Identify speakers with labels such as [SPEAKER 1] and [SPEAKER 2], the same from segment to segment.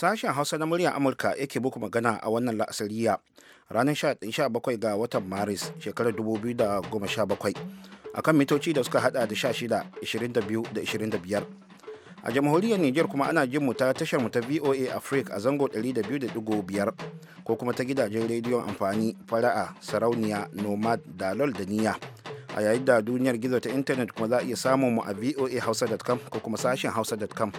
[SPEAKER 1] Sashen Hausa na muryar Amurka yake buku magana a wannan la'asariya ranar 17 ga watan Maris shekarar 2017 akan mitoci da suka hada da 16, 22 da 25. A jamhuriyar Nijar kuma ana jin mu ta tashar mu ta VOA Africa a zango 200.5 ko kuma ta gidajen rediyon amfani fara'a sarauniya nomad dalol da niyya A yayin da duniyar gizo ta intanet kuma za a iya samun mu a voa hausa.com ko kuma sashen hausa.com.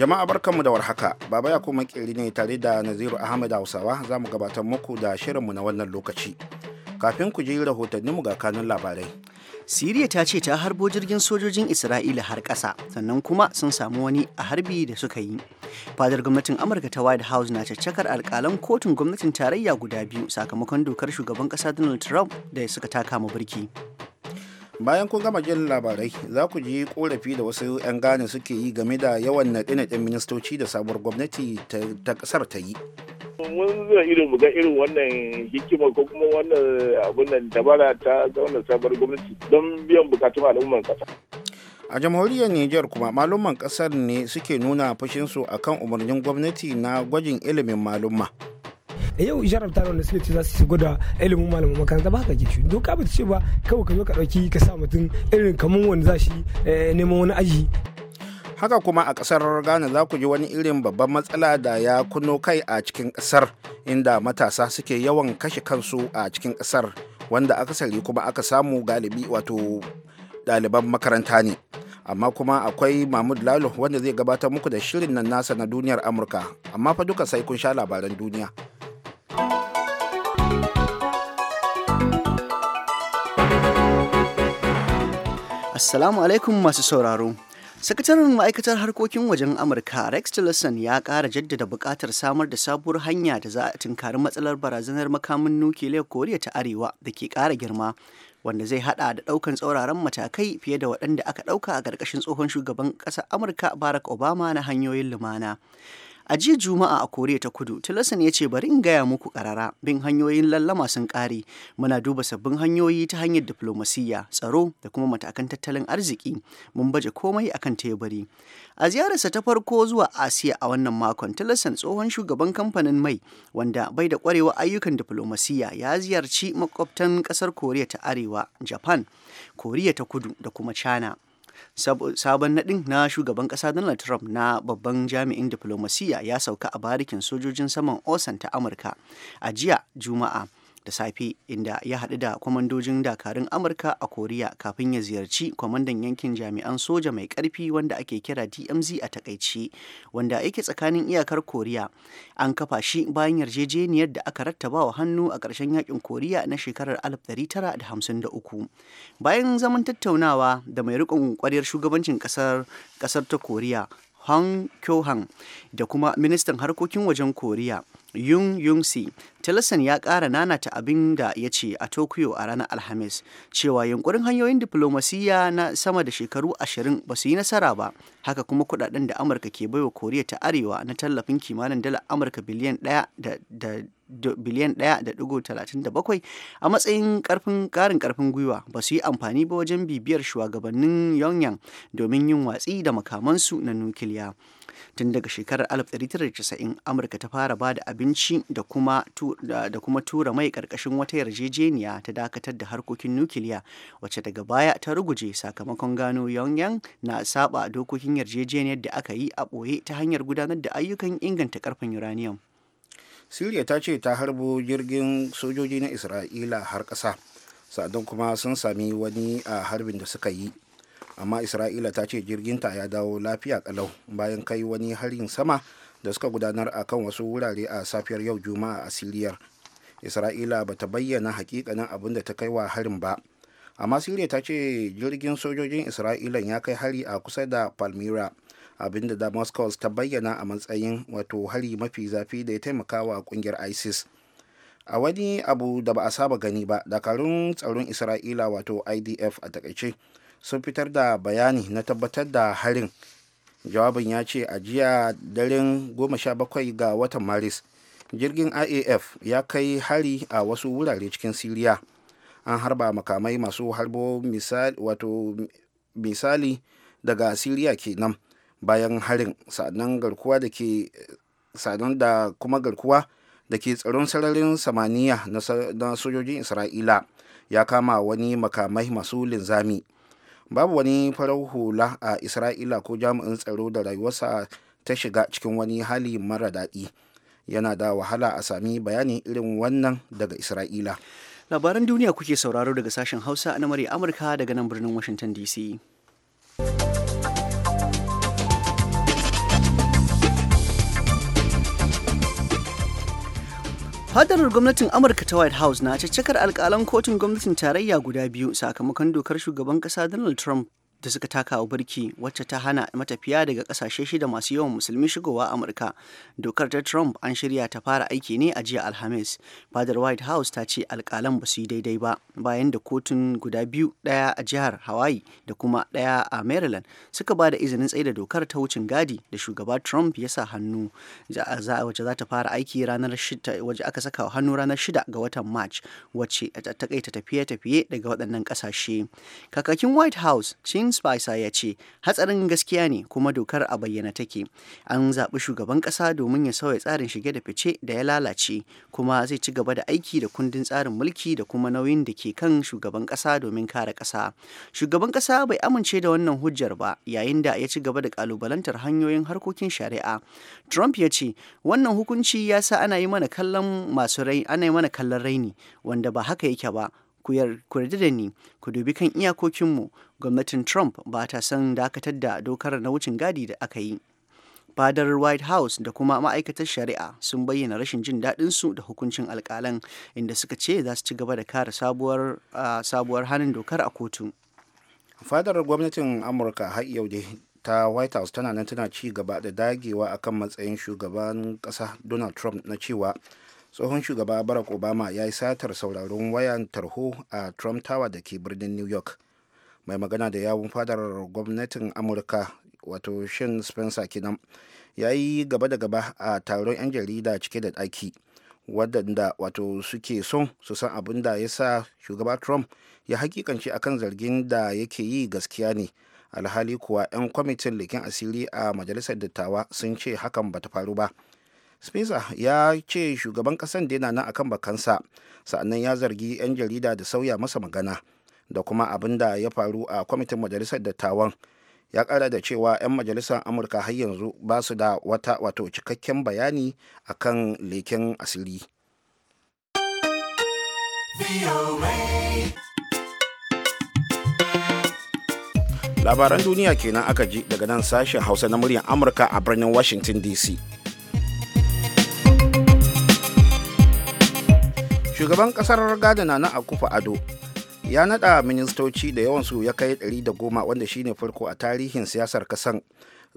[SPEAKER 1] Jama'a barkanmu da warhaka, Baba ya kuma Makeri ne tare da Naziru Ahmed Hausawa za mu gabatar muku da shirinmu na wannan lokaci. Kafin ku ji rahotanninmu ga kanun labarai.
[SPEAKER 2] Siriya ta ce ta harbo jirgin sojojin Isra'ila har ƙasa, sannan kuma sun samu wani a harbi da suka yi. Fadar gwamnatin Amurka ta White House na caccakar alƙalan kotun gwamnatin tarayya guda biyu sakamakon dokar shugaban ƙasa Donald Trump da suka taka ma birki.
[SPEAKER 1] bayan kun gama jin labarai za ku ji korafi da wasu 'yan gane suke yi game da yawan naɗe-naɗen ministoci da sabuwar gwamnati ta ƙasar ta yi
[SPEAKER 3] mun zira ido buga ga irin wannan hikima ko kuma wannan abun nan dabara ta zauna sabuwar gwamnati don biyan bukatun al'umman kasa
[SPEAKER 1] a jamhuriyar niger kuma malumman ƙasar ne suke nuna fushinsu akan umarnin gwamnati na gwajin ilimin malumma.
[SPEAKER 4] yau jarabta da suke ce za su da ilimin malamin makaranta ba haka ke ci doka ba ta ce ba kawai ka zo ka ɗauki ka sa mutum irin kamar wani za shi eh, neman wani aji haka kuma a kasar
[SPEAKER 1] ghana za ku ji wani irin babban matsala da ya kuno kai a cikin kasar inda matasa suke yawan kashe kansu a cikin kasar wanda akasari kuma aka samu galibi wato ɗaliban makaranta ne amma kuma akwai mahmud lalo wanda zai gabatar muku da shirin nan nasa na duniyar amurka amma fa duka sai kun sha labaran duniya
[SPEAKER 2] Assalamu alaikum masu sauraro. Sakataren ma'aikatar harkokin wajen Amurka Rex Tillerson ya ƙara jaddada buƙatar samar da sabuwar hanya da za a tunkari matsalar barazanar makamin nukiliyar Koriya ta Arewa da ke ƙara girma, wanda zai hada da ɗaukan tsauraran matakai fiye da waɗanda aka ɗauka a ƙarƙashin tsohon shugaban ƙasar Amurka Barack Obama na hanyoyin lumana. A jiya Juma'a a Koriya ta Kudu, tilastan ya ce bari in gaya muku karara bin hanyoyin lallama sun kare Muna duba sabbin hanyoyi ta hanyar diflomasiyya, tsaro da kuma matakan tattalin arziki. Mun baje komai akan teburi. A ziyararsa ta farko zuwa Asiya a wannan makon, tilastan tsohon shugaban kamfanin mai wanda bai da kwarewa ayyukan diflomasiyya ya ziyarci makwabtan ƙasar Koriya ta Arewa, Japan, Koriya ta Kudu da kuma China. sabon naɗin na shugaban ƙasa donald trump na babban jami'in diflomasiyya ya sauka a barikin sojojin saman osan ta amurka a jiya juma'a da safe inda ya haɗu da kwamandojin dakarun amurka a koriya kafin ya ziyarci kwamandan yankin jami'an soja mai ƙarfi wanda ake kira dmz a takaici wanda yake tsakanin iyakar koriya an kafa shi bayan yarjejeniyar da aka rattaba wa hannu a ƙarshen yakin koriya na shekarar 1953 bayan zaman tattaunawa da mai riƙon ƙwaryar shugabancin ƙasar ta koriya hong kyo da kuma ministan harkokin wajen koriya Yun Yun Si tillerson ya ƙara nanata abin da ya ce a tokyo a ranar alhamis cewa yunkurin hanyoyin diflomasiyya na sama da shekaru ashirin ba su yi nasara ba haka kuma kudaden da amurka ke baiwa koriya ta arewa na tallafin kimanin dala amurka biliyan ɗaya da, da biliyan 1.37 a matsayin karfin karin karfin gwiwa ba su yi amfani ba wajen bibiyar shugabannin Yongyang domin yin watsi da makamansu na nukiliya. Tun daga shekarar 1990 Amurka ta fara ba da abinci da kuma da kuma tura mai karkashin wata yarjejeniya ta dakatar da harkokin nukiliya wacce daga baya ta ruguje sakamakon gano yongyang na saba dokokin yarjejeniyar da aka yi a ɓoye ta hanyar gudanar da ayyukan inganta karfin uranium. Siriya ta ce ta harbo
[SPEAKER 1] jirgin sojoji na Isra'ila har ƙasa, sa'adun kuma sun sami wani a harbin da suka yi. amma isra'ila ta ce jirginta ya dawo lafiya kalau bayan kai wani harin sama da suka gudanar a kan wasu wurare a safiyar yau juma'a a siriyar isra'ila ba ta bayyana hakikanin abin da ta kai wa harin ba amma siriya ta ce jirgin sojojin isra'ila ya kai hari a kusa da palmyra abinda da moscow ta bayyana a matsayin wato hari mafi zafi da ya taimaka wa kungiyar isis a wani abu da ba a saba gani ba dakarun tsaron isra'ila wato idf a takaice sun fitar da bayani na tabbatar da harin jawabin ya ce a jiya daren 17 ga watan maris jirgin iaf ya kai hari a wasu wurare cikin siriya an harba makamai masu harbo misali, daga siriya kenan bayan harin sannan garkuwa da ke da kuma garkuwa da ke tsaron sararin samaniya na sojojin isra'ila ya kama wani makamai masu linzami babu wani farar hula a isra'ila ko jami'in tsaro da rayuwarsa ta shiga cikin wani hali mara daɗi yana da wahala a sami bayanin irin
[SPEAKER 2] wannan daga isra'ila labaran duniya kuke sauraro daga sashen hausa na murya amurka daga nan birnin washington dc Fadarar gwamnatin Amurka ta White House na caccakar alƙalan kotun gwamnatin tarayya guda biyu sakamakon dokar shugaban kasa Donald Trump da suka taka wa birki wacce ta hana matafiya daga kasashe shida masu yawan musulmi shigowa amurka dokar ta trump an shirya ta fara aiki ne a jiya alhamis fadar white house ta ce alkalan ba su yi daidai ba bayan da kotun guda biyu daya a jihar hawaii da kuma daya a maryland suka ba da izinin tsaida dokar ta wucin gadi da shugaba trump ya sa hannu wacce za ta fara aiki ranar shida wacce aka saka hannu ranar shida ga watan march wacce ta takaita tafiye-tafiye daga waɗannan kasashe kakakin white house cin Spicer ya ce hatsarin gaskiya ne kuma dokar a bayyana take. An zaɓi shugaban ƙasa domin ya sauya tsarin shige da fice da ya lalace kuma zai ci gaba da aiki da kundin tsarin mulki da kuma nauyin da ke kan shugaban ƙasa domin kare ƙasa. Shugaban ƙasa bai amince da wannan hujjar ba yayin da ya ci gaba da ƙalubalantar hanyoyin harkokin shari'a. Trump ya ce wannan hukunci ya sa ana yi mana kallon masu rai ana yi mana kallon raini wanda ba haka yake ba ku yarda da ni ku dubi kan iyakokinmu gwamnatin trump ba ta son dakatar da dokar na wucin gadi da aka yi fadar white house da kuma ma'aikatar shari'a sun bayyana rashin jin daɗinsu da hukuncin alƙalan inda suka ce za su ci gaba da kare sabuwar, sabuwar hannun dokar a kotu fadar gwamnatin amurka har yau ta white house tana nan tana ci gaba
[SPEAKER 1] da dagewa akan matsayin shugaban ƙasa donald trump na cewa tsohon shugaba barack obama ya yi satar sauraron wayan tarho a trump tower da ke birnin new york mai magana da yawun fadar gwamnatin amurka wato shin spencer kinan ya yi gaba da gaba a taron 'yan jarida cike da ɗaki wadanda wato suke son su san abin da ya sa shugaba trump ya hakikanci akan zargin da yake yi gaskiya ne alhali kuwa 'yan kwamitin likin asiri a majalisar dattawa sun ce hakan bata faru ba. spisa ya ce shugaban kasan da yana na akan bakansa sa'annan ya zargi 'yan jarida da sauya masa magana da kuma abin da ya faru a kwamitin majalisar dattawan ya kara da cewa 'yan majalisar amurka har yanzu ba su da wata wato cikakken bayani akan leken asiri labaran duniya kenan aka ji daga nan sashen hausa na muryar amurka a birnin washington dc shugaban kasar gadana na akufa ado ya nada ministoci da yawansu ya kai 110 wanda shine farko a tarihin siyasar kasan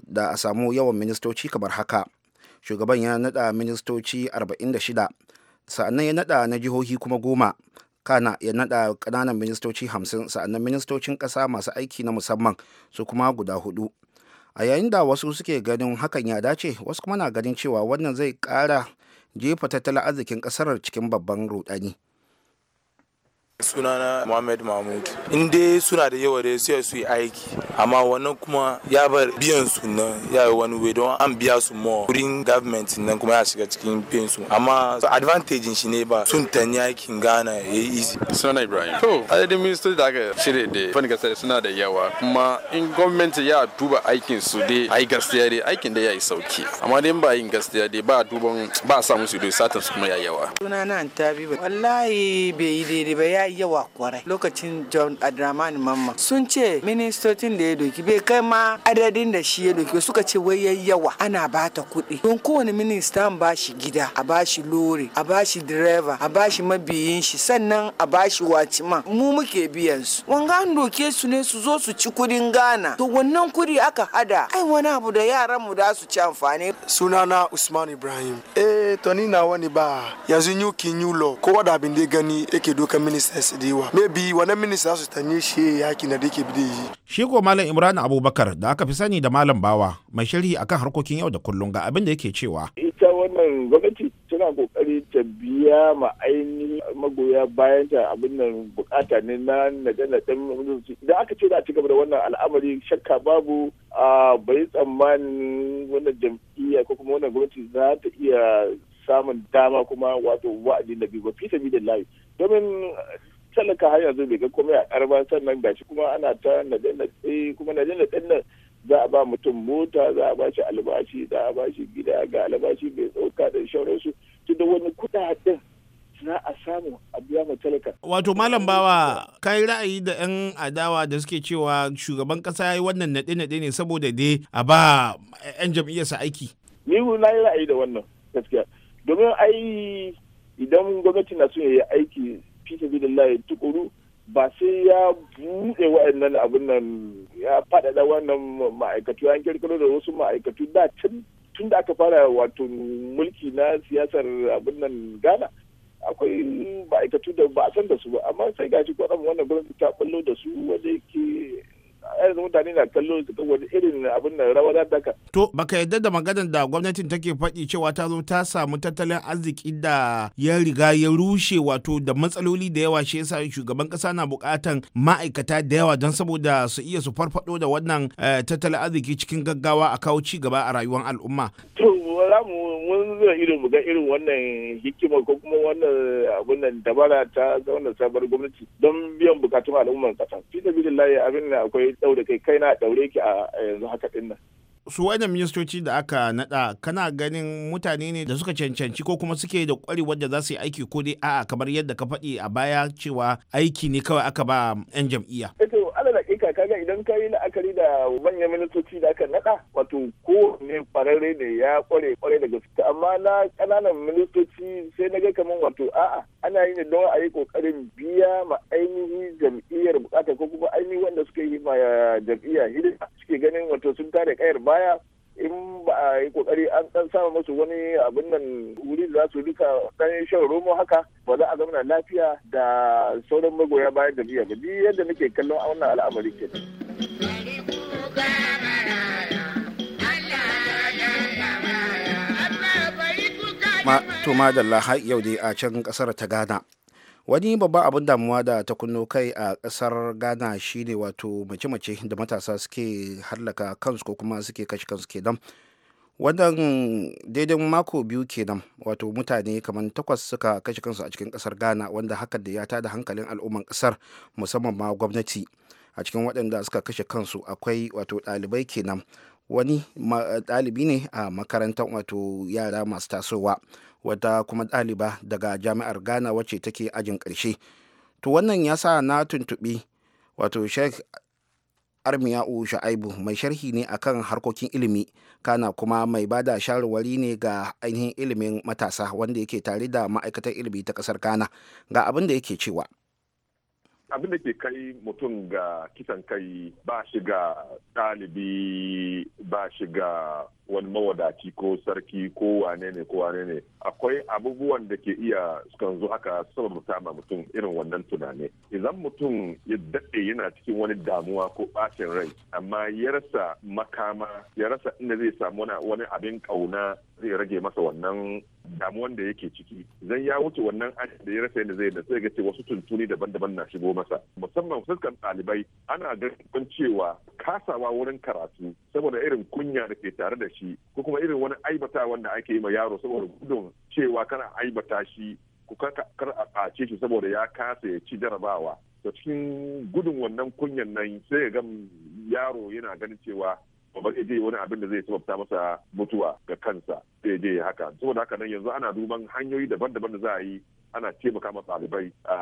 [SPEAKER 1] da a samu yawan ministoci kamar haka shugaban ya nada ministoci 46 sa'annan ya nada na jihohi kuma goma kana ya nada kananan ministoci 50 sa'annan ministocin kasa masu aiki na musamman su kuma guda hudu a yayin da wasu suke ganin hakan ya dace wasu kuma na ganin cewa wannan zai kara jefa tattalin arzikin kasar cikin babban rudani
[SPEAKER 3] sunana Muhammad Mahmud in dai suna da yawa da sai su yi aiki amma wannan kuma ya bar biyan su nan ya yi wani wai don an biya su mo wurin government nan kuma ya shiga cikin biyan su amma so advantage shi ne ba sun tanya yakin gana ya yi easy sunana Ibrahim to
[SPEAKER 5] adadin ministoci da aka shirya da fannin kasar suna da yawa kuma in government ya duba aikin su dai ai gaskiya dai aikin da ya yi sauki amma dai ba yin gaskiya dai ba duban ba sa musu dai satan su kuma ya yawa
[SPEAKER 4] sunana Antabi wallahi bai yi daidai ba ya yawa kwarai lokacin john adramani mamma sun ce ministocin da ya doki bai kai ma adadin da shi ya doki suka ce wai ya yawa ana bata kuɗi don kowane minista an ba shi gida a ba shi lori a ba shi direba a ba shi mabiyin shi sannan a ba shi waciman mu muke biyan su wanga an doke su ne su zo su ci kudin gana to wannan kudi aka hada ai wani abu da yaran mu da su ci amfani sunana usman ibrahim eh eh to ni ba yanzu new king
[SPEAKER 5] new law ko da abin de gani yake dokan ministers da yawa maybe wannan minister su tanye shi yaki na da bi bide yi
[SPEAKER 1] shi ko malam imran abubakar da aka fi sani da malam bawa mai sharhi akan harkokin yau da kullum ga abin da yake cewa
[SPEAKER 3] ita wannan gwamnati tana kokari ta biya ma ainihin magoya bayan ta abin nan bukata ne na dan mutunci idan aka ce za a ci gaba da wannan al'amari shakka babu a bai tsammanin wannan jam'iyya ko kuma wannan gwamnati za ta iya samun dama kuma wato wa'adi na biyu ba fi sabi da layi domin talaka har yanzu bai ga komai a karba sannan gashi kuma ana ta nade nade kuma nade nade za a ba mutum mota za a ba shi albashi za a ba shi gida ga albashi mai tsoka da shauransu su da wani kudaden za a samu a biya ma talaka.
[SPEAKER 1] Wato Malam Bawa kai ra'ayi da 'yan adawa da suke cewa shugaban kasa ya yi wannan naɗe-naɗe ne saboda dai a ba 'yan jam'iyyarsa
[SPEAKER 3] aiki. Ni na yi ra'ayi da wannan gaskiya domin ai idan gwamnati na so ya yi aiki fi sabilillahi tukuru ba sai ya buɗe wa'annan abin nan ya faɗaɗa wannan ma'aikatu an kirkiro da wasu ma'aikatu da tun da aka fara wato mulki na siyasar abin nan ghana akwai ma'aikatu da ba a san da su ba amma sai gashi kwanan wannan gwamnati ta ɓullo da su wanda yake yanzu mutane na kallo su wani irin abin nan rawa da ka.
[SPEAKER 1] To baka yadda da maganar da gwamnatin take faɗi cewa ta zo ta samu tattalin arziki da ya riga ya rushe wato da matsaloli da yawa shi yasa shugaban kasa na buƙatan ma'aikata da yawa don saboda su iya su farfaɗo da wannan eh, tattalin arziki cikin gaggawa a kawo ci gaba a rayuwar al'umma.
[SPEAKER 3] To za mu mun zo irin irin wannan hikima ko kuma wannan abun nan dabara ta wannan sabar gwamnati don biyan bukatun al'ummar kasa fi layi abin da akwai daure kai kai na daure ki a yanzu haka din nan
[SPEAKER 1] su wannan ministoci da aka naɗa kana ganin mutane ne da suka cancanci ko kuma suke da ƙwarewar da za su yi aiki ko dai a'a kamar yadda ka faɗi a baya cewa aiki ne kawai aka ba 'yan jam'iyya.
[SPEAKER 3] Eh da hakika kaga idan ka yi la'akari da manyan ministoci da aka naɗa wato ko ne kwararre ne ya kware kware da gaske amma na ƙananan ministoci sai na ga kamar wato a'a ana yi ne don a yi ƙoƙarin biya ma ainihin jam'iyyar bukata ko kuma ainihin wanda suka yi ma eh, jam'iyya hidima suke ganin wato sun tare kayar baya in ba a yi kokari an dan sama musu wani abin nan wuri za su rika dan shan romo haka ba za a zauna lafiya da sauran magoya bayan jam'iyya ba duk yadda nake kallon a wannan al'amari
[SPEAKER 1] Ma, to madalla har yau dai a can kasar ta gana. wani babban abin damuwa da ta kunno kai a kasar ghana shine wato mace-mace da matasa suke hallaka kansu ko kuma suke kashe kansu kenan wannan daidai mako biyu kenan wato mutane kamar takwas suka kashe kansu a cikin kasar ghana wanda hakan da ya tada hankalin al'umman kasar musamman ma gwamnati a cikin waɗanda suka kashe kansu akwai wato ɗalibai kenan wani ɗalibi ne a makarantar wato yara masu tasowa wata kuma ɗaliba daga jami'ar ghana wacce take ajin ƙarshe to wannan ya sa na tuntuɓi wato sheikh armiya'u sha'aibu mai sharhi ne akan harkokin ilimi kana kuma mai ba da shawarwari ne ga ainihin ilimin matasa wanda yake tare da ma'aikatar ilimi ta ƙasar ghana ga abin da yake cewa
[SPEAKER 6] abin da ke kai mutum ga kisan kai ba shi ga ɗalibi ba shi ga wani mawadaci ko sarki ko wane ne ko wane ne akwai abubuwan da ke iya sukan zo haka sababta ma mutum irin wannan tunani idan mutum ya daɗe yana cikin wani damuwa ko ɓacin rai amma ya rasa makama ya rasa inda zai samu wani abin ƙauna zai rage masa wannan damuwan da yake ciki zan ya wuce wannan aji da ya rasa yadda zai da sai ga wasu tuntuni daban-daban na shigo masa musamman fuskan ɗalibai ana ganin cewa kasawa wurin karatu saboda irin kunya da ke tare da shi ko kuma irin wani aibata wanda ake yi ma yaro saboda gudun cewa kana aibata shi ku kar a ɓace shi saboda ya kasa ya ci jarabawa da cikin gudun wannan kunyan nan sai ya gam yaro yana ganin cewa ba je wani abin da zai sababta masa mutuwa ga kansa sai je haka saboda haka nan yanzu ana duban hanyoyi daban-daban da za a yi ana taimaka ma ɗalibai a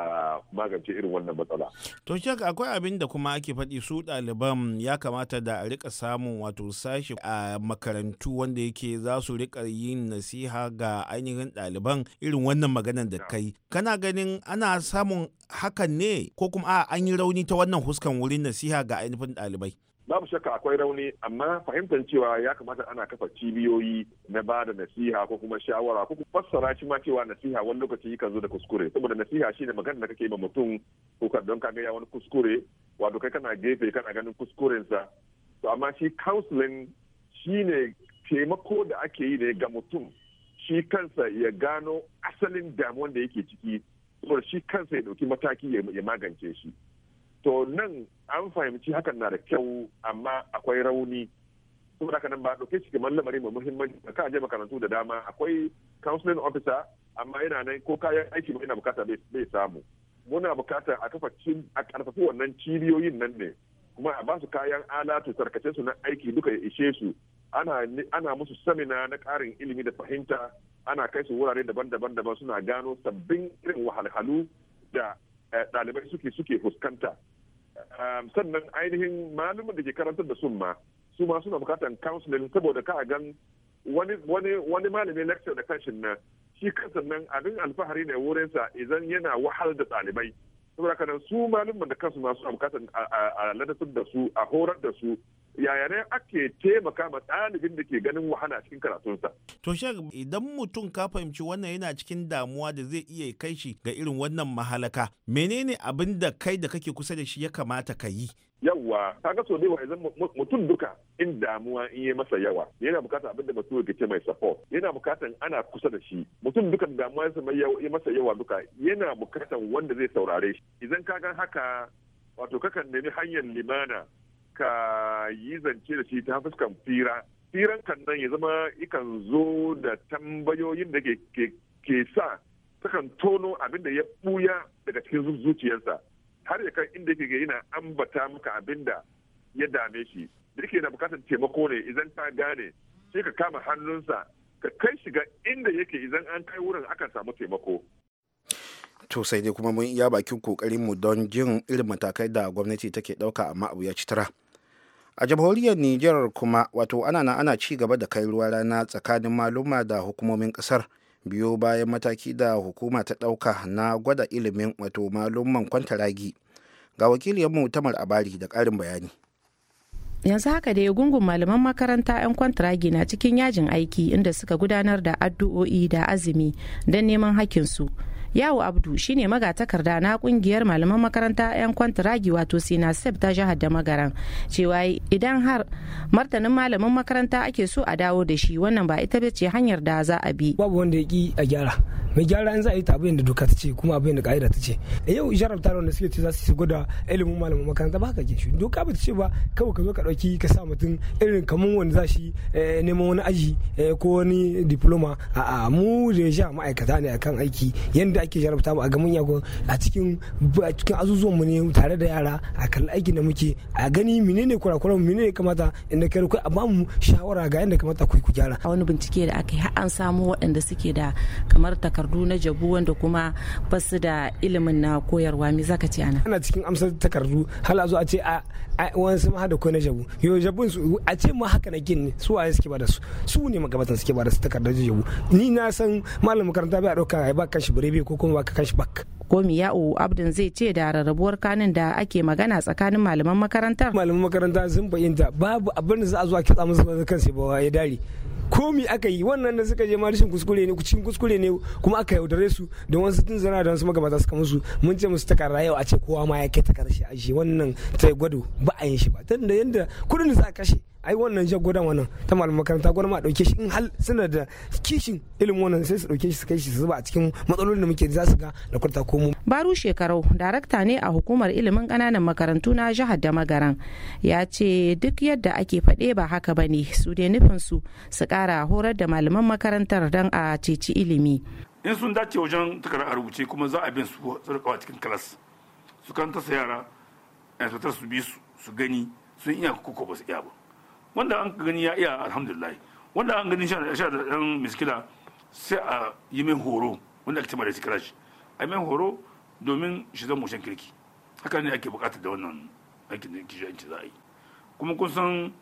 [SPEAKER 6] magance irin wannan matsala.
[SPEAKER 1] To shek akwai abin da kuma ake faɗi su ɗaliban ya kamata da a rika samun wato sashi a makarantu wanda yake za su rika yin nasiha ga ainihin ɗaliban irin wannan maganan da kai. Kana ganin ana samun hakan ne ko kuma an yi rauni ta wannan huskan wurin nasiha ga ainihin ɗalibai.
[SPEAKER 6] babu shakka akwai rauni amma fahimtar cewa ya kamata ana kafa cibiyoyi na ba da nasiha ko kuma shawara ko kuma fassara shi ma cewa nasiha wani lokaci kan zo da kuskure saboda nasiha shine magana da kake ma mutum ko ka don kaga ya wani kuskure wato kai kana gefe kana ganin kuskurensa to amma shi counseling ne taimako da ake yi ne ga mutum shi kansa ya gano asalin damuwan da yake ciki saboda shi kansa ya ɗauki mataki ya magance shi to nan an fahimci hakan na da kyau amma akwai rauni saboda haka nan ba ɗauke shi kamar lamari mai muhimmanci ka je makarantu da dama akwai counseling officer amma yana nan ko kayan aiki yana bukata bai samu muna bukata a kafa a karfafi wannan cibiyoyin nan ne kuma a ba su kayan alatu tarkace su na aiki duka ya ishe su ana musu samina na karin ilimi da fahimta ana kai su wurare daban-daban daban suna gano sabbin irin wahalhalu da eh, ɗalibai suke suke fuskanta sannan ainihin malumin da ke karantar da sun ma su ma suna bukatar counseling saboda ka gan wani wani malamin lecture da kashin nan shi kansa nan abin alfahari ne wurinsa idan yana wahal da ɗalibai saboda kanan su malumin da kansu masu bukatar a ladatar da su a horar da su yaya ne ake taimaka ma ɗalibin da ke ganin wahala cikin karatunsa.
[SPEAKER 1] To shek idan mutum ka fahimci wannan yana cikin damuwa da zai iya kai shi ga irin wannan mahalaka menene abin da kai da kake kusa da shi ya kamata ka yi
[SPEAKER 6] yawwa kaga so dai mutum duka in damuwa in yi masa yawa yana bukatar abin da mutum ke ce mai support yana bukatar ana kusa da shi mutum duka damuwa ya masa yawa duka yana bukatar wanda zai saurare shi idan ka gan haka wato kakan nemi hanyar limana ka yi zance da shi ta fuskan fira firan kan nan ya zama ikan zo da tambayoyin da ke sa takan tono abin da ya buya daga cikin zuciyarsa har ya kan inda yake yana ambata muka abin da ya dame shi da ke na bukatar taimako ne idan ta gane sai ka kama hannunsa ka kai shiga inda yake idan an kai wurin aka samu taimako
[SPEAKER 1] to sai dai kuma mun iya bakin kokarin mu don jin irin matakai da gwamnati take dauka amma abu ya ci tara a jamhuriyar niger kuma wato ana na ana ci gaba da kai ruwa rana tsakanin maluma da hukumomin kasar biyo bayan mataki da hukuma ta ɗauka na gwada ilimin wato maluman kwantaragi ga wakiliyarmu tamar abari da karin bayani
[SPEAKER 7] yanzu haka da ya gungun malaman makaranta 'yan kwantaragi na cikin yajin aiki inda suka gudanar da addu'o'i da azumi don neman hakinsu su yawo abdu shine magatakarda na kungiyar malaman makaranta 'yan kwantiragi wato sina sef ta jihar da magaran cewa idan har martanin malamin makaranta ake so a dawo da shi wannan ba ita ce hanyar da za a bi babu wanda ya
[SPEAKER 4] ki a gyara mai gyara in za a yi ta abin da doka ta ce kuma abin da ka'ida ta ce eh, yau jarabta da suke ce za su gwada ilimin malamin makaranta ba ka ke shi doka ba ta ce ba kawai ka zo ka dauki ka sa mutum irin kamar wanda za shi eh, neman wani aji eh, ko wani diploma a'a mu da ma'aikata ne akan aiki yanda ake jarabta mu a ga munya yago a cikin cikin azuzuwan mu ne tare da yara a kan aikin da muke a gani menene kurakuran mu menene kamata inda kai ku amma ba mu shawara ga yanda kamata ku ku gyara a wani bincike da aka yi har an samu waɗanda
[SPEAKER 7] suke da kamar takardu na jabu wanda kuma ba su da ilimin na
[SPEAKER 4] koyarwa me zaka ce ana ana cikin amsar takardu hal a zo a ce a wani sun hada ko na jabu yo jabun su a ce ma haka na gin su waye suke ba da su su ne magabatan suke ba da su takardar jabu ni na san malamin makaranta bai a dauka ba kan shi birebe ko ko kuma baka shi bak
[SPEAKER 7] komi abdin zai ce da rarrabuwar kanin da ake magana tsakanin malaman
[SPEAKER 4] makarantar malaman makaranta sun fahimta babu abin da za a zo a kitsa musu kansu ba ya dare komi aka yi wannan da suka je ma rashin kuskure ne cikin kuskure ne kuma aka yaudare su don wasu tun zana da wasu magabata suka musu mun ce musu takarda yau a ce kowa ma ya kai takarda shi a wannan ta gwado ba a yin shi ba tunda yanda kudin za a kashe ai wannan gudan wannan ta malamin makaranta gwada ma dauke shi in hal suna da kishin ilimin wannan sai su dauke shi su kai shi su zuba a cikin matsalolin da muke za su ga da kurta komo
[SPEAKER 7] baru shekarau darakta ne a hukumar ilimin kananan makarantu na jihar da magaran ya ce duk yadda ake faɗe ba haka bane su dai nufin su su kara horar da malaman makarantar don a ceci ilimi
[SPEAKER 8] in sun dace wajen takardar a rubuce kuma za a bin su tsarkawa cikin kalas su kan tasa yara inspector su bi su su gani sun iya kuka ba su iya ba wanda an gani ya iya alhamdulillah wanda an gani sha da ɗan miskila sai a yi min horo wanda ake tamar da scratch a min horo domin shi zan kirki haka ne ake bukata da wannan aikin da kishi yanci za a yi kuma kun san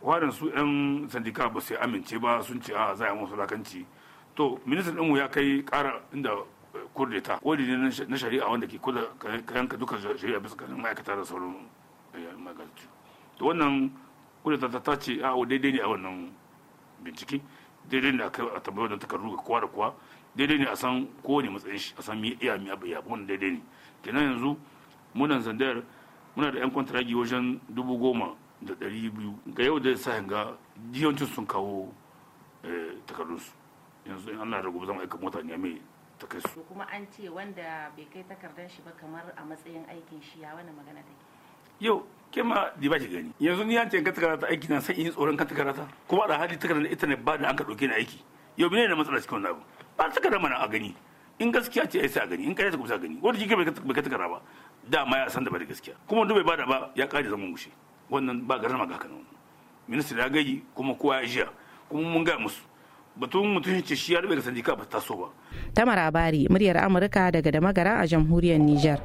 [SPEAKER 8] warin su yan sandika ba sai amince ba sun ce a ah, za a yi lakanci to ministan ɗinmu ya kai ƙara inda eh, kurdeta wani ne na shari'a wanda ke kuda kayanka duka shari'a bisa kanin ma'aikata da sauran eh, ma'aikatu to wannan da ta ce a daidai ne a wannan bincike daidai ne a kai a tambayar da takardu ga kowa da kowa daidai ne a san kowane matsayin shi a san mi iya mi abu ya wannan daidai ne kenan yanzu munan zandar muna da yan kwantaragi wajen dubu goma da ɗari biyu ga yau da sa hanga yawancin sun kawo eh, takardunsu yanzu in allah ragu gobe zan aika mota ne mai ta kai
[SPEAKER 7] su kuma an ce wanda bai kai takardar shi ba kamar a matsayin aikin shi ya wani magana take
[SPEAKER 8] yau ke ma di ba shi gani yanzu ni yance ka takarata aiki na sai in tsoron ka takarata kuma da hali takarata ita ne ba da an ka dauke ni aiki yau bi ne da matsala cikin wannan abu ba takarata mana a gani in gaskiya ce ai sai a gani in kai ta kusa gani wanda kike bai ka takara ba ma ya san da ba da gaskiya kuma duk bai bada ba ya kare zaman mushe wannan ba garin ma ga kanan minista ya gaji kuma kowa ya jiya kuma mun ga musu batun mutum ce shi ya rubuta sanjika sandika ba ta so ba
[SPEAKER 7] tamara bari muryar amurka daga da magara a jamhuriyar niger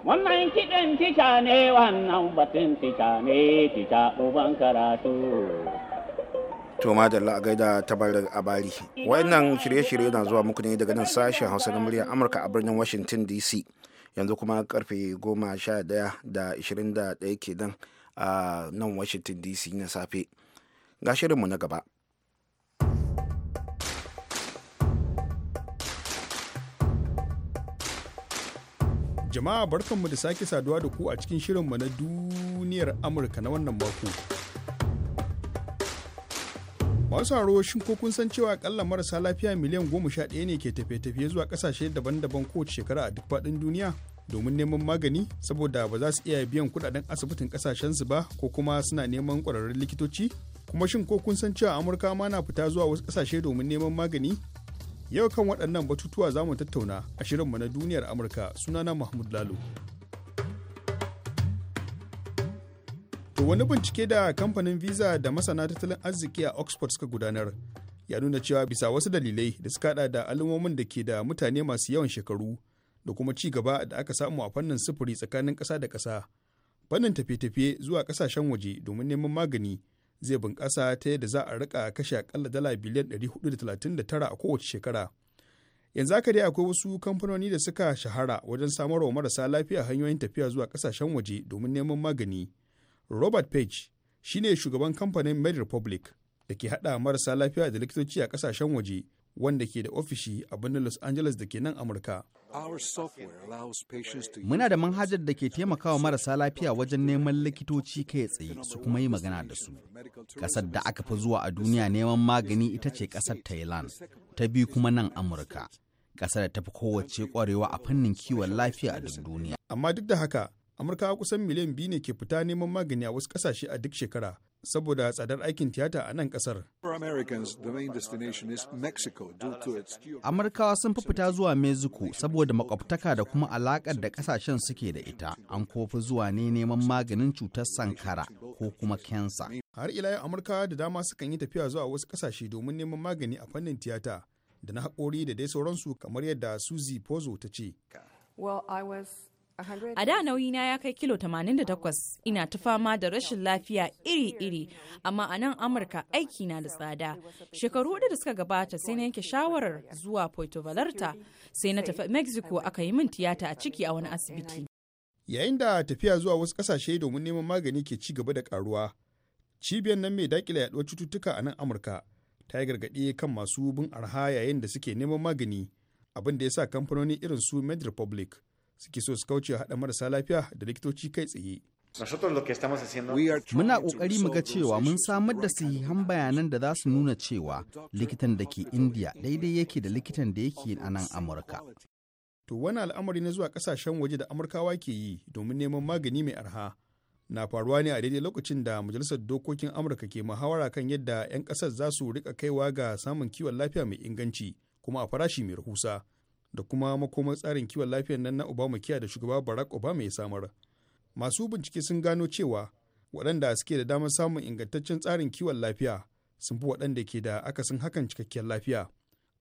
[SPEAKER 2] wannan kiɗan tica ne wannan batun tica ne tica uban karatu
[SPEAKER 7] to dalla
[SPEAKER 1] a gaida tabarar abari wayannan shirye-shirye na zuwa muku ne daga nan sashen hausa na muryar amurka a birnin washington dc yanzu kuma karfe goma sha daya da ishirin da kenan a nan washington dc na safe ga shirinmu na gaba
[SPEAKER 5] Jama'a barkanmu da sake saduwa da ku a cikin shirinmu na duniyar Amurka na wannan mako. Masu haro shin ko kun san cewa akalla marasa lafiya miliyan goma sha ɗaya ne ke tafiye-tafiye zuwa ƙasashe daban-daban kowace shekara a duk faɗin duniya domin neman magani saboda ba za su iya biyan kuɗaɗen asibitin ƙasashensu ba ko kuma suna neman ƙwararrun likitoci? Kuma shin ko kun san cewa Amurka ma na fita zuwa wasu ƙasashe domin neman magani Yau kan waɗannan batutuwa za mu tattauna a shirinmu na duniyar Amurka sunana Mahmud Lalo. To wani bincike da kamfanin Visa da masana tattalin arziki a Oxford suka gudanar ya nuna cewa bisa wasu dalilai da suka hada da alamomin da ke da mutane masu yawan shekaru da kuma ci gaba da aka samu a fannin sufuri tsakanin ƙasa da ƙasa. Fannin tafiye-tafiye zuwa ƙasashen waje domin neman magani zai bunƙasa ta yadda za a rika kashe akalla dala biliyan 439 a kowace shekara yanzu haka dai akwai wasu kamfanoni da suka shahara wajen samar wa marasa lafiya hanyoyin tafiya zuwa kasashen waje domin neman magani robert page shine shugaban kamfanin med republic da ke hada marasa lafiya da likitoci a kasashen waje wanda ke da ofishi a birnin los angeles da ke nan amurka Muna da manhajar da ke taimakawa marasa lafiya wajen neman likitoci
[SPEAKER 2] kai tsaye su kuma
[SPEAKER 5] yi magana da su. Ƙasar da aka fi zuwa a duniya neman magani ita ce ƙasar Thailand, ta biyu kuma nan Amurka. Ƙasar da ta fi kowace ƙwarewa a fannin kiwon lafiya a duk duniya. Amma duk da haka, amurka kusan miliyan biyu ne ke fita neman magani a wasu ƙasashe a duk shekara, saboda tsadar aikin tiyata a nan kasar. Amurkawa sun fi fita zuwa Mexico saboda makwabtaka da kuma alakar da kasashen suke da ita, an kofi zuwa ne neman maganin cutar sankara ko kuma kensa. Har ila yau Amurkawa da dama sukan yi tafiya zuwa wasu kasashe domin neman magani a fannin tiyata da na haƙori da dai sauransu kamar yadda Suzy Pozo ta ce. Well, I A da
[SPEAKER 7] nauyina ya kai kilo 88 ina ta fama da rashin lafiya iri-iri, amma a nan Amurka aiki na da tsada. Shekaru hudu da suka gabata sai na yanke shawarar zuwa Puerto Vallarta sai na tafi Mexico aka yi min tiyata a ciki a wani asibiti.
[SPEAKER 5] Yayin da tafiya zuwa wasu kasashe domin neman magani ke ci gaba da karuwa cibiyar nan mai dakile yaduwar cututtuka a nan Amurka ta yi gargaɗi kan masu bin arha yayin da suke neman magani abin da ya sa kamfanoni irin su Med Republic suke so su kauce haɗa marasa lafiya da likitoci kai tsaye. Muna ƙoƙari mu ga cewa mun samar da sahihan bayanan da za su nuna cewa likitan da ke india daidai yake da likitan da yake a nan Amurka. To wani al'amari na zuwa ƙasashen waje da Amurkawa ke yi domin neman magani mai arha na faruwa ne a daidai lokacin da Majalisar Dokokin Amurka ke muhawara kan yadda 'yan ƙasar za su riƙa kaiwa ga samun kiwon lafiya mai inganci kuma a farashi mai rahusa. da kuma makomar tsarin kiwon lafiyar nan na kiya da shugaba barack obama ya samar masu bincike sun gano cewa waɗanda suke da damar samun ingantaccen tsarin kiwon lafiya sun fi waɗanda ke da akasin hakan cikakkiyar lafiya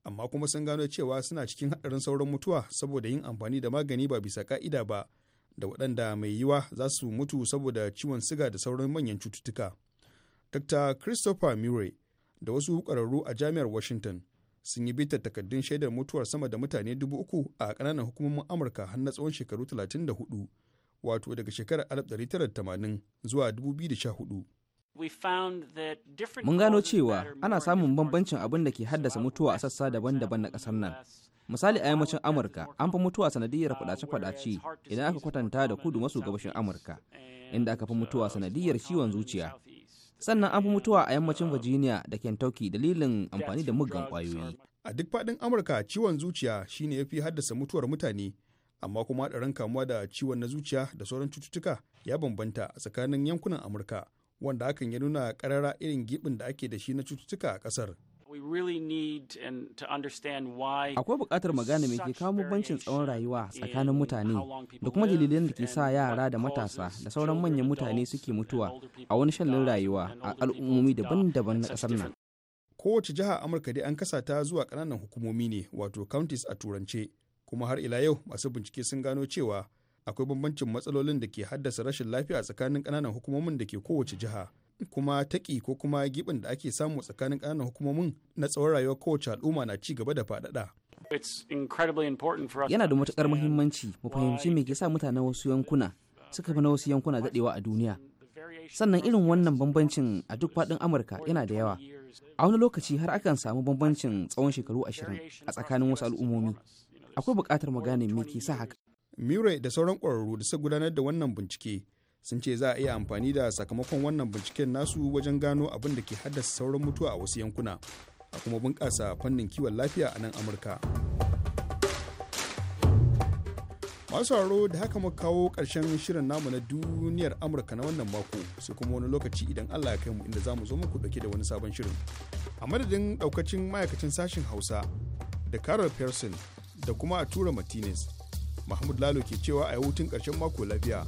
[SPEAKER 5] amma kuma sun gano cewa suna cikin haɗarin sauran mutuwa saboda yin amfani da magani ba bisa ka'ida ba da waɗanda mai yiwa za su mutu saboda ciwon siga da sauran manyan cututtuka. Dr. Christopher Murray da wasu ƙwararru a Jami'ar Washington sun yi bitar takardun shaidar mutuwar sama da mutane dubu uku a ƙananan hukumomin amurka har na tsawon shekaru 34 wato daga shekarar 1980 zuwa 2014 Mun gano cewa ana samun bambancin abin da ke haddasa mutuwa a sassa daban-daban na ƙasar nan. Misali a yammacin Amurka, an fi mutuwa sanadiyar fadace-fadace idan aka kwatanta da kudu maso gabashin Amurka, inda aka fi mutuwa uh, sanadiyar ciwon zuciya sannan an fi mutuwa a yammacin virginia da kentucky dalilin amfani da muggan kwayoyi a duk faɗin amurka ciwon zuciya shine ya fi haddasa mutuwar mutane amma kuma haɗarin kamuwa da ciwon na zuciya da sauran cututtuka ya bambanta a tsakanin yankunan amurka wanda hakan ya nuna karara irin gibin da ake da shi na cututtuka a ƙasar Akwai buƙatar magana mai ke kawo bambancin tsawon rayuwa tsakanin mutane da kuma dalilan da ke sa yara da matasa da sauran manyan mutane suke mutuwa a wani shallin rayuwa a al'ummomi daban-daban na kasar nan. Kowace jiha a Amurka dai an kasa ta zuwa ƙananan hukumomi ne wato counties a turance kuma har ila yau masu bincike sun gano cewa akwai bambancin matsalolin da ke haddasa rashin lafiya tsakanin ƙananan hukumomin da ke kowace jiha. kuma taƙi ko kuma gibin da ake samu tsakanin ƙananan hukumomin na tsawon rayuwar kowace al'umma na ci gaba da faɗaɗa. Yana da matuƙar muhimmanci mu fahimci me ke sa mutanen wasu yankuna suka fi na wasu yankuna daɗewa a duniya. Sannan irin wannan bambancin a duk faɗin Amurka yana da yawa. A wani lokaci har akan samu bambancin tsawon shekaru ashirin a tsakanin wasu al'ummomi. Akwai buƙatar mu gane me ke sa haka. Mure da sauran ƙwararru da suka gudanar da wannan bincike sun ce za a iya amfani da sakamakon wannan binciken nasu wajen gano abin da ke haddasa sauran mutuwa a wasu yankuna a kuma bunƙasa fannin kiwon lafiya a nan amurka masu haro da haka muka kawo ƙarshen shirin namu na duniyar amurka na wannan mako sai kuma wani lokaci idan allah ya kai mu inda za mu zo muku dauke da wani sabon shirin a madadin daukacin ma'aikacin sashen hausa da carol pearson da kuma a tura martinez mahmud lalo ke cewa a yi hutun ƙarshen mako lafiya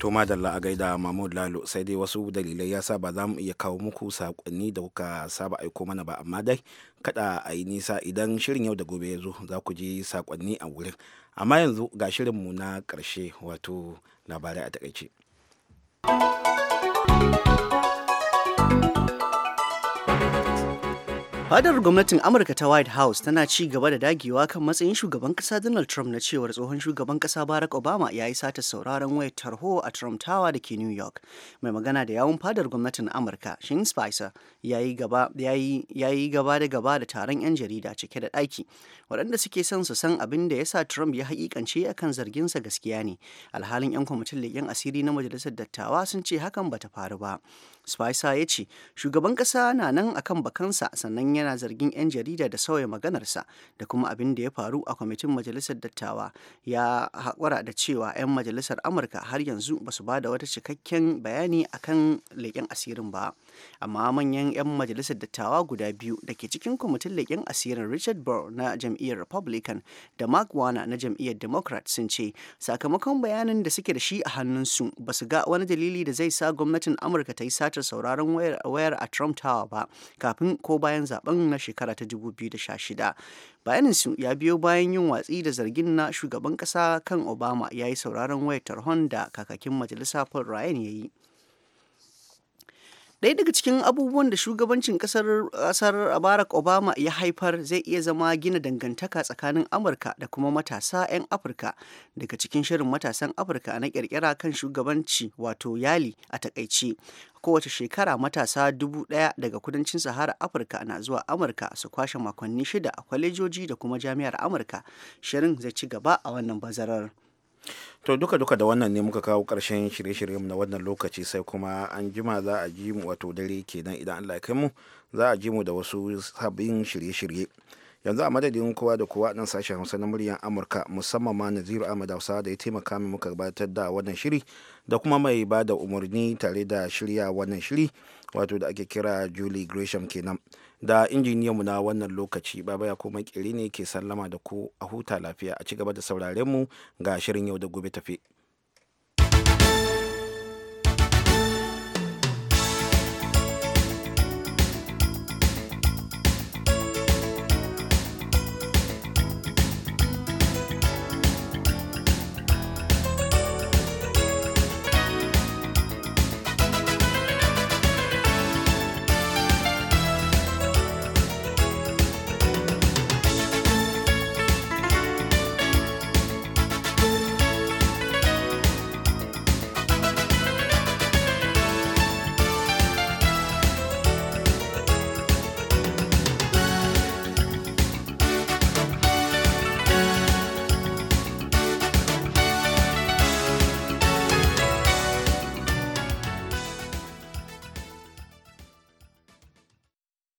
[SPEAKER 1] to madalla a gaida mahmud lalo sai dai wasu dalilai ya sa ba za mu iya kawo muku sakonni da kuka saba aiko mana ba amma dai kada a yi nisa idan shirin yau da gobe ya zo za ku ji saƙonni a wurin amma yanzu ga shirinmu na ƙarshe wato labarai a takaice.
[SPEAKER 2] Fadar gwamnatin Amurka ta White House tana ci gaba da dagewa kan matsayin shugaban kasa Donald Trump na cewar tsohon shugaban kasa Barack Obama ya yi sata sauraron wayar tarho a Trump Tower da ke New York. Mai magana da yawun fadar gwamnatin Amurka, Shin Spicer, ya yi gaba da gaba da taron 'yan jarida cike da ɗaki. Waɗanda suke son su san abin da ya sa Trump ya haƙiƙance a kan zarginsa gaskiya ne. Alhalin 'yan kwamitin leƙen asiri na majalisar dattawa sun ce hakan bata faru ba. Spicer ya ce shugaban ƙasa na nan akan bakansa sannan yana zargin 'yan jarida da sauya maganarsa da kuma abin da ya faru a kwamitin majalisar dattawa ya haƙura da cewa 'yan majalisar Amurka har yanzu ba su ba da wata cikakken bayani akan leƙen asirin ba. amma manyan 'yan majalisar dattawa guda biyu da ke cikin kwamitin leƙen asirin richard burr na jam'iyyar republican da mark warner na jam'iyyar democrat sun ce sakamakon bayanin da suke da shi a hannunsu ba su ga wani dalili da zai sa gwamnatin amurka ta yi satar sauraron wayar a trump tower ba kafin ko bayan zaben na shekara ta 2016 su ya biyo bayan yin watsi da zargin na shugaban kasa kan obama ya yi sauraron wayar tarhon da kakakin majalisa paul ryan ya yi ɗaya daga cikin abubuwan da shugabancin ƙasar ƙasar barack obama ya haifar zai iya zama gina dangantaka tsakanin amurka da kuma matasa 'yan afirka daga cikin shirin matasan afirka na ƙirƙira kan shugabanci wato yali a takaice kowace shekara matasa dubu ɗaya daga kudancin sahara afirka na zuwa amurka su kwashe makonni shida a kwalejoji da kuma jami'ar amurka shirin zai ci gaba a wannan bazarar.
[SPEAKER 1] to duka duka da wannan ne muka kawo karshen shirye-shiryenmu na wannan lokaci sai kuma an jima za a ji mu wato dare kenan idan Allah ya kai mu za a ji mu da wasu sabbin shirye-shirye yanzu a madadin kowa da kowa nan sashen hausa na muryar amurka musamman ma naziru ahmad hausa da ya taimaka min muka gabatar da wannan shiri da kuma mai ba da umarni tare da shirya wannan shiri wato da ake kira julie gresham kenan da injiniyanmu na wannan lokaci baba ya koma kiri ne ke sallama da ku a huta lafiya a ci gaba da sauraren mu ga shirin yau da gobe tafe.